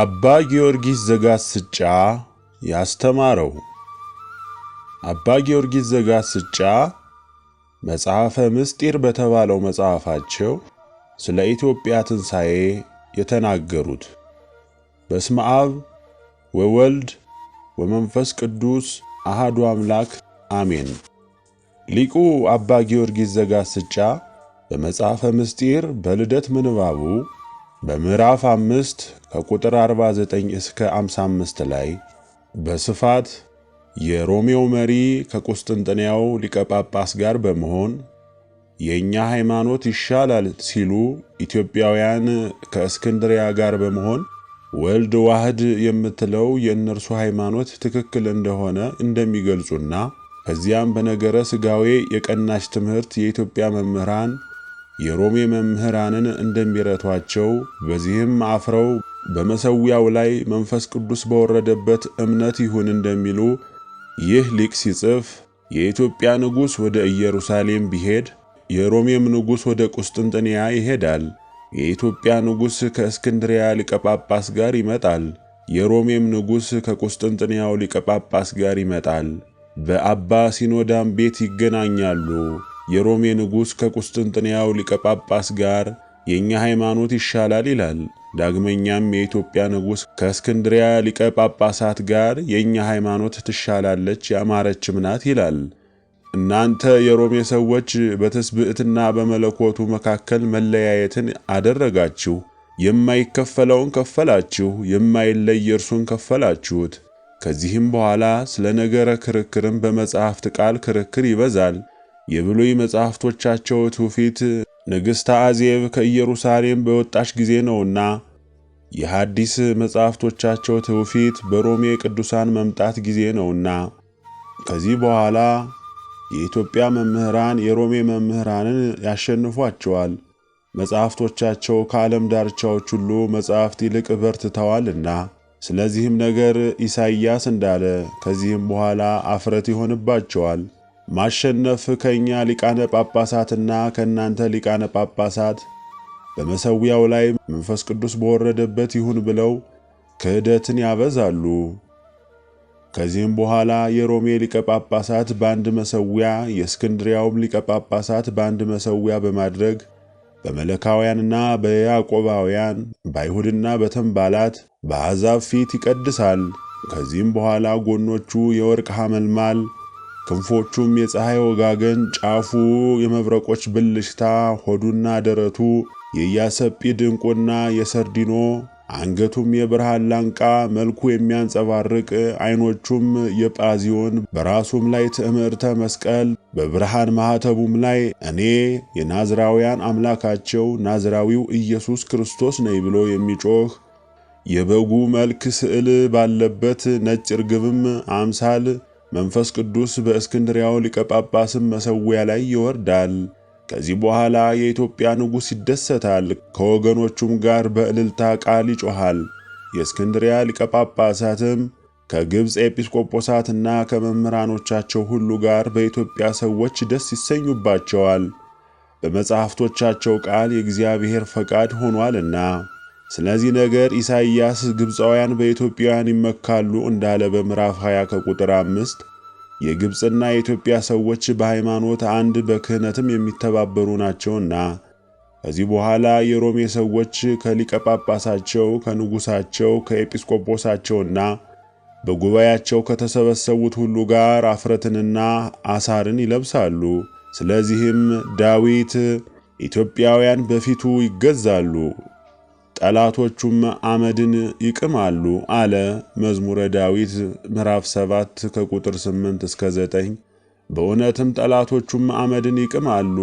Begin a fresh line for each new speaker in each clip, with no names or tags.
አባ ጊዮርጊስ ዘጋስጫ ያስተማረው። አባ ጊዮርጊስ ዘጋስጫ መጽሐፈ ምስጢር በተባለው መጽሐፋቸው ስለ ኢትዮጵያ ትንሣኤ የተናገሩት በስመ አብ ወወልድ ወመንፈስ ቅዱስ አሃዱ አምላክ አሜን። ሊቁ አባ ጊዮርጊስ ዘጋስጫ በመጽሐፈ ምስጢር በልደት ምንባቡ በምዕራፍ አምስት ከቁጥር 49 እስከ 55 ላይ በስፋት የሮሜው መሪ ከቁስጥንጥንያው ሊቀ ጳጳስ ጋር በመሆን የእኛ ሃይማኖት ይሻላል ሲሉ ኢትዮጵያውያን ከእስክንድሪያ ጋር በመሆን ወልድ ዋህድ የምትለው የእነርሱ ሃይማኖት ትክክል እንደሆነ እንደሚገልጹና ከዚያም በነገረ ሥጋዌ የቀናች ትምህርት የኢትዮጵያ መምህራን የሮሜ መምህራንን እንደሚረቷቸው በዚህም አፍረው በመሠዊያው ላይ መንፈስ ቅዱስ በወረደበት እምነት ይሁን እንደሚሉ ይህ ሊቅ ሲጽፍ የኢትዮጵያ ንጉሥ ወደ ኢየሩሳሌም ቢሄድ የሮሜም ንጉሥ ወደ ቁስጥንጥንያ ይሄዳል። የኢትዮጵያ ንጉሥ ከእስክንድሪያ ሊቀጳጳስ ጋር ይመጣል። የሮሜም ንጉሥ ከቁስጥንጥንያው ሊቀጳጳስ ጋር ይመጣል። በአባ ሲኖዳም ቤት ይገናኛሉ። የሮሜ ንጉሥ ከቁስጥንጥንያው ሊቀ ጳጳስ ጋር የእኛ ሃይማኖት ይሻላል ይላል። ዳግመኛም የኢትዮጵያ ንጉሥ ከእስክንድሪያ ሊቀ ጳጳሳት ጋር የእኛ ሃይማኖት ትሻላለች ያማረችም ናት ይላል። እናንተ የሮሜ ሰዎች በትስብዕትና በመለኮቱ መካከል መለያየትን አደረጋችሁ። የማይከፈለውን ከፈላችሁ፣ የማይለይ እርሱን ከፈላችሁት። ከዚህም በኋላ ስለ ነገረ ክርክርም በመጽሐፍት ቃል ክርክር ይበዛል። የብሉይ መጻሕፍቶቻቸው ትውፊት ንግሥተ አዜብ ከኢየሩሳሌም በወጣች ጊዜ ነውና የሐዲስ መጻሕፍቶቻቸው ትውፊት በሮሜ ቅዱሳን መምጣት ጊዜ ነውና። ከዚህ በኋላ የኢትዮጵያ መምህራን የሮሜ መምህራንን ያሸንፏቸዋል። መጻሕፍቶቻቸው ከዓለም ዳርቻዎች ሁሉ መጻሕፍት ይልቅ በርትተዋልና። ስለዚህም ነገር ኢሳይያስ እንዳለ ከዚህም በኋላ አፍረት ይሆንባቸዋል ማሸነፍ ከእኛ ሊቃነ ጳጳሳትና ከእናንተ ሊቃነ ጳጳሳት በመሠዊያው ላይ መንፈስ ቅዱስ በወረደበት ይሁን ብለው ክህደትን ያበዛሉ። ከዚህም በኋላ የሮሜ ሊቀ ጳጳሳት በአንድ መሠዊያ የእስክንድሪያውም ሊቀ ጳጳሳት በአንድ መሠዊያ በማድረግ በመለካውያንና በያዕቆባውያን በአይሁድና በተንባላት በአሕዛብ ፊት ይቀድሳል። ከዚህም በኋላ ጎኖቹ የወርቅ ሐመልማል ክንፎቹም የፀሐይ ወጋገን፣ ጫፉ የመብረቆች ብልሽታ፣ ሆዱና ደረቱ የያሰጲ ድንቁና የሰርዲኖ አንገቱም የብርሃን ላንቃ መልኩ የሚያንጸባርቅ አይኖቹም የጳዚዮን በራሱም ላይ ትዕምርተ መስቀል በብርሃን ማኅተቡም ላይ እኔ የናዝራውያን አምላካቸው ናዝራዊው ኢየሱስ ክርስቶስ ነኝ ብሎ የሚጮህ የበጉ መልክ ስዕል ባለበት ነጭ ርግብም አምሳል መንፈስ ቅዱስ በእስክንድሪያው ሊቀ ጳጳስም መሠዊያ ላይ ይወርዳል። ከዚህ በኋላ የኢትዮጵያ ንጉሥ ይደሰታል፣ ከወገኖቹም ጋር በእልልታ ቃል ይጮኻል። የእስክንድሪያ ሊቀ ጳጳሳትም ከግብፅ ኤጲስቆጶሳትና ከመምህራኖቻቸው ሁሉ ጋር በኢትዮጵያ ሰዎች ደስ ይሰኙባቸዋል፣ በመጻሕፍቶቻቸው ቃል የእግዚአብሔር ፈቃድ ሆኗልና። ስለዚህ ነገር ኢሳይያስ ግብፃውያን በኢትዮጵያውያን ይመካሉ እንዳለ በምዕራፍ 20 ከቁጥር አምስት የግብፅና የኢትዮጵያ ሰዎች በሃይማኖት አንድ በክህነትም የሚተባበሩ ናቸውና ከዚህ በኋላ የሮሜ ሰዎች ከሊቀ ጳጳሳቸው ከንጉሳቸው ከኤጲስቆጶሳቸውና በጉባኤያቸው ከተሰበሰቡት ሁሉ ጋር አፍረትንና አሳርን ይለብሳሉ። ስለዚህም ዳዊት ኢትዮጵያውያን በፊቱ ይገዛሉ ጠላቶቹም አመድን ይቅማሉ አለ። መዝሙረ ዳዊት ምዕራፍ 7 ከቁጥር 8 እስከ 9። በእውነትም ጠላቶቹም አመድን ይቅማሉ።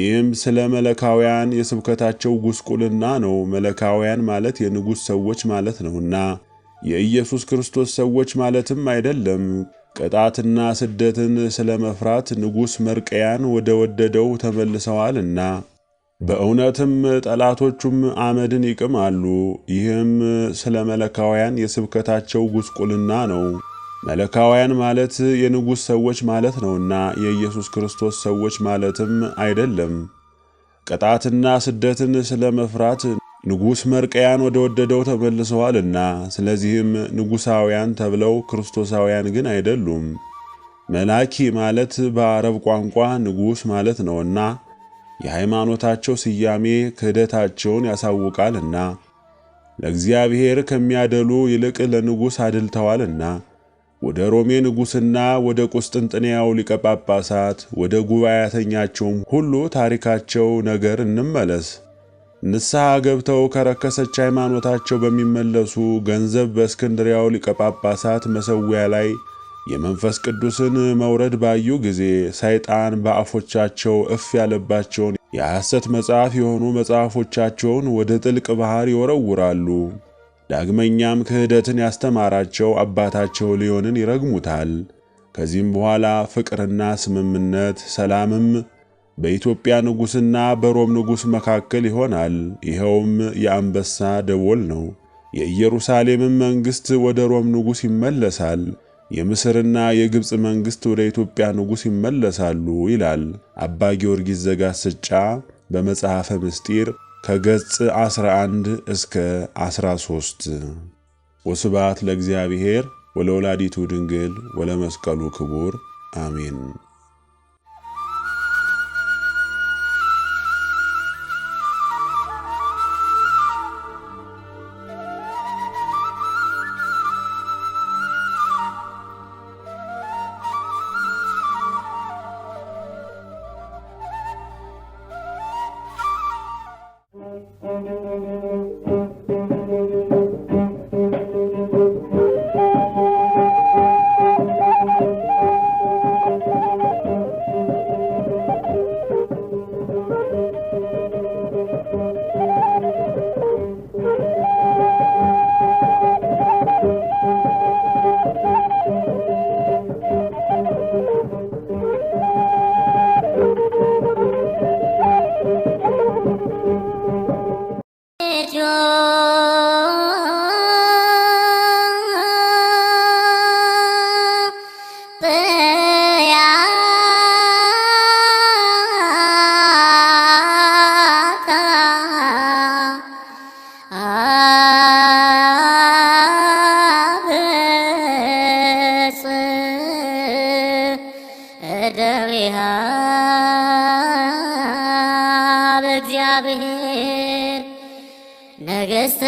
ይህም ስለ መለካውያን የስብከታቸው ጉስቁልና ነው። መለካውያን ማለት የንጉሥ ሰዎች ማለት ነውና የኢየሱስ ክርስቶስ ሰዎች ማለትም አይደለም። ቅጣትና ስደትን ስለ መፍራት ንጉሥ መርቀያን ወደ ወደደው ተመልሰዋልና በእውነትም ጠላቶቹም አመድን ይቅማሉ። ይህም ስለ መለካውያን የስብከታቸው ጉስቁልና ነው። መለካውያን ማለት የንጉሥ ሰዎች ማለት ነውና የኢየሱስ ክርስቶስ ሰዎች ማለትም አይደለም። ቅጣትና ስደትን ስለ መፍራት ንጉሥ መርቀያን ወደ ወደደው ተመልሰዋልና፣ ስለዚህም ንጉሣውያን ተብለው ክርስቶሳውያን ግን አይደሉም። መላኪ ማለት በአረብ ቋንቋ ንጉሥ ማለት ነውና የሃይማኖታቸው ስያሜ ክህደታቸውን ያሳውቃልና ለእግዚአብሔር ከሚያደሉ ይልቅ ለንጉሥ አድልተዋልና ወደ ሮሜ ንጉሥና ወደ ቁስጥንጥንያው ሊቀ ጳጳሳት ወደ ጉባኤተኛቸውም ሁሉ ታሪካቸው ነገር እንመለስ። ንስሐ ገብተው ከረከሰች ሃይማኖታቸው በሚመለሱ ገንዘብ በእስክንድሪያው ሊቀ ጳጳሳት መሠዊያ ላይ የመንፈስ ቅዱስን መውረድ ባዩ ጊዜ ሰይጣን በአፎቻቸው እፍ ያለባቸውን የሐሰት መጽሐፍ የሆኑ መጽሐፎቻቸውን ወደ ጥልቅ ባሕር ይወረውራሉ። ዳግመኛም ክህደትን ያስተማራቸው አባታቸው ሊዮንን ይረግሙታል። ከዚህም በኋላ ፍቅርና ስምምነት ሰላምም በኢትዮጵያ ንጉሥና በሮም ንጉሥ መካከል ይሆናል። ይኸውም የአንበሳ ደቦል ነው። የኢየሩሳሌምም መንግሥት ወደ ሮም ንጉሥ ይመለሳል። የምስርና የግብፅ መንግሥት ወደ ኢትዮጵያ ንጉሥ ይመለሳሉ ይላል አባ ጊዮርጊስ ዘጋስጫ በመጽሐፈ ምስጢር ከገጽ 11 እስከ 13። ወስብሐት ለእግዚአብሔር ወለወላዲቱ ድንግል ወለመስቀሉ ክቡር አሜን። እግዚአብሔር ነገሥተ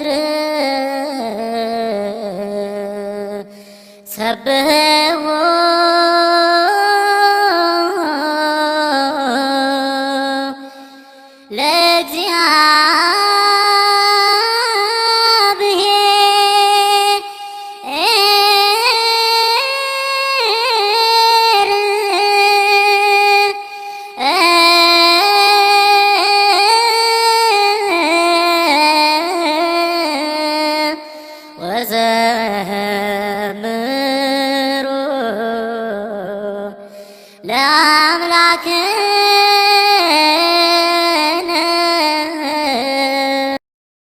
ምድር ሰብሕዎ ለእግዚአ